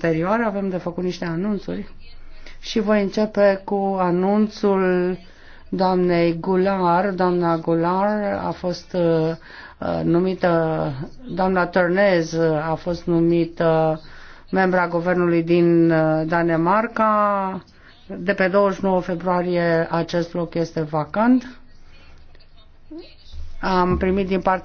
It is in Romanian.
anterior avem de făcut niște anunțuri și voi începe cu anunțul doamnei Gular. Doamna Gular a fost uh, uh numită, doamna Turnez a fost numită membra guvernului din uh, Danemarca. De pe 29 februarie acest loc este vacant. Am primit din partea